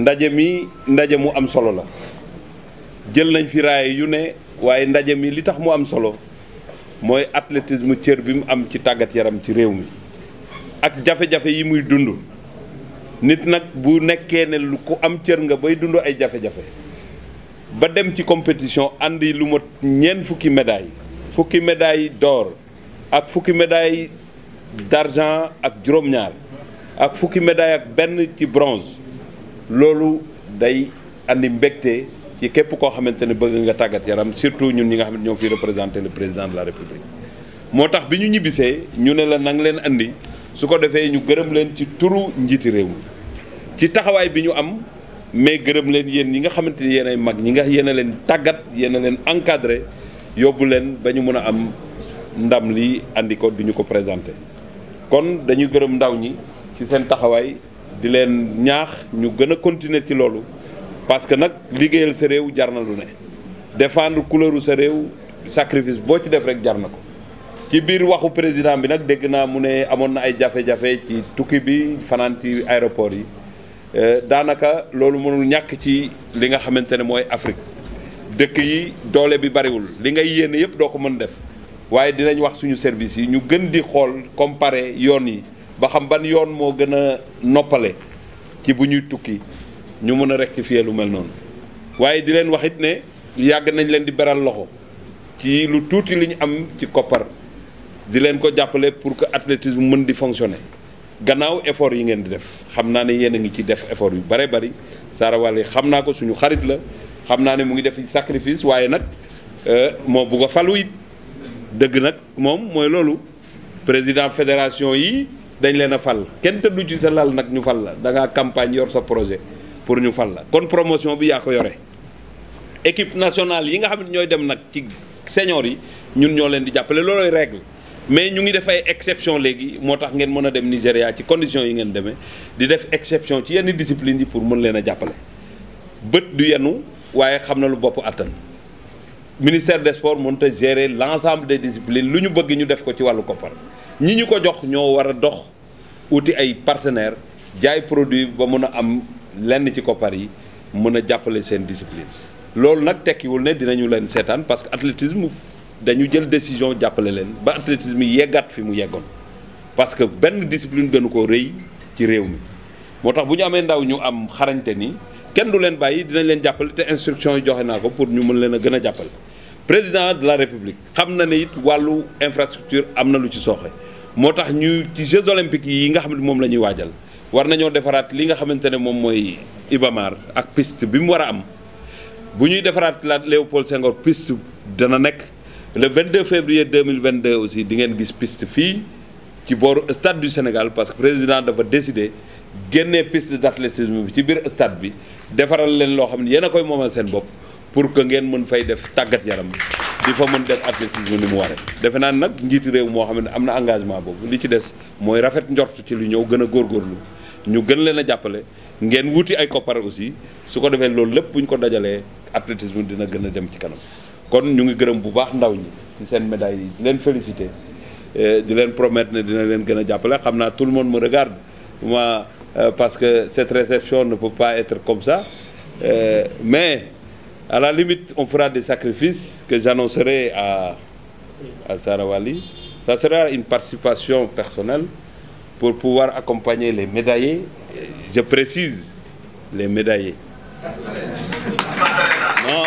ndaje mi ndaje mu am solo la jël nañ fi raay yu ne waaye ndaje mi li tax mu am solo mooy athlétisme cër bi mu am ci tàggat yaram ci réew mi ak jafe-jafe yi muy dund nit nag bu nekkee ne lu ku am cër nga bay dund ay jafe-jafe ba dem ci compétition andi lu mot ñeent fukki médaille fukki médaille door ak fukki medaay d'argent ak juróom-ñaar ak fukki médaille ak benn ci bronze loolu day andi mbégte ci képp koo xamante ne bëgg nga tàggat yaram surtout ñun ñi nga xam ne ñoo fi représenté le président de la république moo tax bi ñu ñibbisee ñu ne la nag leen andi su ko defee ñu gërëm leen ci turu njiiti réew mi ci taxawaay bi ñu am mais gërëm leen yéen ñi nga xamante ni yéen mag ñi nga yéen leen tàggat yéen a leen encadré yóbbu leen ba ñu mën a am ndam li andi ko duñu ko présenté kon dañuy gërëm ndaw ñi ci seen taxawaay di leen ñaax ñu gën a continuer ci loolu parce que nag liggéeyal sa réew jar na lu ne défendre couleuru sa réew sacrifice boo ci def rek jar na ko ci biir waxu président bi nag dégg naa mu ne amoon na ay jafe-jafe ci tukki bi fanaan ci aéroport yi euh, daanaka loolu mënul ñàkk ci li nga xamante ne mooy Afrique dëkk yi doole bi bariwul li ngay yéene yëpp doo ko mën def waaye dinañ wax suñu service yi ñu gën di xool comparer yoon yi ba xam ban yoon moo gën a noppale ci bu ñuy tukki ñu mën a rectifier lu mel noonu waaye di leen wax it ne yàgg nañ leen di beral loxo ci lu tuuti li ñu am ci koppar di leen ko jàppale pour que athlétisme mën di fonctionner gannaaw effort yi ngeen di def xam naa ne yéen a ngi ci def effort yu bare bari Sara Waly xam naa ko suñu xarit la xam naa ne mu ngi def sacrifice waaye nag euh, moo bugg falu it dëgg nag moom mooy loolu président fédération yi. dañ leen a fal kenn tëddu ci sa lal nag ñu fal la da ngaa yor sa projet pour ñu fal la kon promotion bi yaa ko yore équipe nationale yi nga xam ne ñooy dem nag ci senior yi ñun ñoo leen di jàppale loolooy règle mais ñu ngi def ay exception léegi moo tax ngeen mën a dem Nigéria ci condition yi ngeen demee di def exception ci yenn discipline yi pour mën leen a jàppale bët du yenu waaye xam na lu bopp attan ministère des sport mënut a gérer l' ensemble des lu ñu bëgg ñu def ko ci wàllu koppar ñi ñu ko jox ñoo war a dox uti ay partenaires jaay produit ba mën a am lenn ci koppar yi mën a jàppale seen discipline. loolu nag tekkiwul ne dinañu leen seetaan parce que athlétisme dañu jël décision jàppale leen ba athlétisme yeggaat fi mu yeggoon parce que benn discipline gënu ko rëy ci réew mi moo tax bu ñu amee ndaw ñu am xarañte ni kenn du leen bàyyi dinañ leen jàppale te instruction yi naa ko pour ñu mën leen a gën a jàppale. président de la république xam na ne it wàllu infrastructure am na lu ci sooxe moo tax ñu ci jeux olympiques yi nga xam ne moom la ñuy waajal war nañoo defaraat li nga xamante ne moom mooy Ibamar ak piste bi mu war a am bu ñuy defaraat la Léopold Senghor piste dana nekk le 22 février 2022 aussi di ngeen gis piste fii ci booru stade du Sénégal parce que président dafa décidé génnee piste d'athlétisme bi ci biir stade bi defaral leen loo xam ne yéen a koy moomal seen bopp pour que ngeen mën fay def tàggat yaram di fa mën def athlétisme ni mu waree. defe naa nag njiitu réew moo xam ne am na engagement boobu li ci des mooy rafet njort ci lu ñëw gën a góorgóorlu ñu gën leen a jàppale ngeen wuti ay koppar aussi su ko defee loolu lépp bu ñu ko dajalee athlétisme dina gën a dem ci kanam kon ñu ngi gërëm bu baax ndaw ñi ci seen médaille yi di leen félicité eh, di leen promettre ne dina leen gën a jàppale xam naa tout le monde me regarde moi euh, parce que cette réception ne peut pas être comme ça euh, À la limite, on fera des sacrifices que j'annoncerai à, à Sarawali. Ça sera une participation personnelle pour pouvoir accompagner les médaillés. Je précise, les médaillés. Non,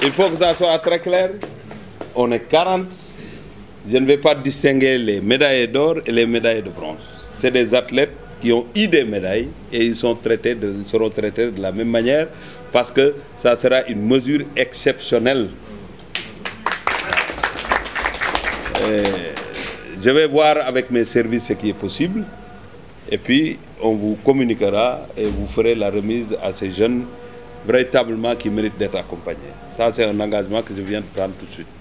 il faut que ça soit très clair. On est 40. Je ne vais pas distinguer les médaillés d'or et les médaillés de bronze. C'est des athlètes qui ont eu des médailles et ils sont traités de, seront traités de la même manière parce que ça sera une mesure exceptionnelle. Et euh, je vais voir avec mes services ce qui est possible et puis on vous communiquera et vous ferez la remise à ces jeunes véritablement qui méritent d'être accompagnés. Ça, c'est un engagement que je viens de prendre tout de suite.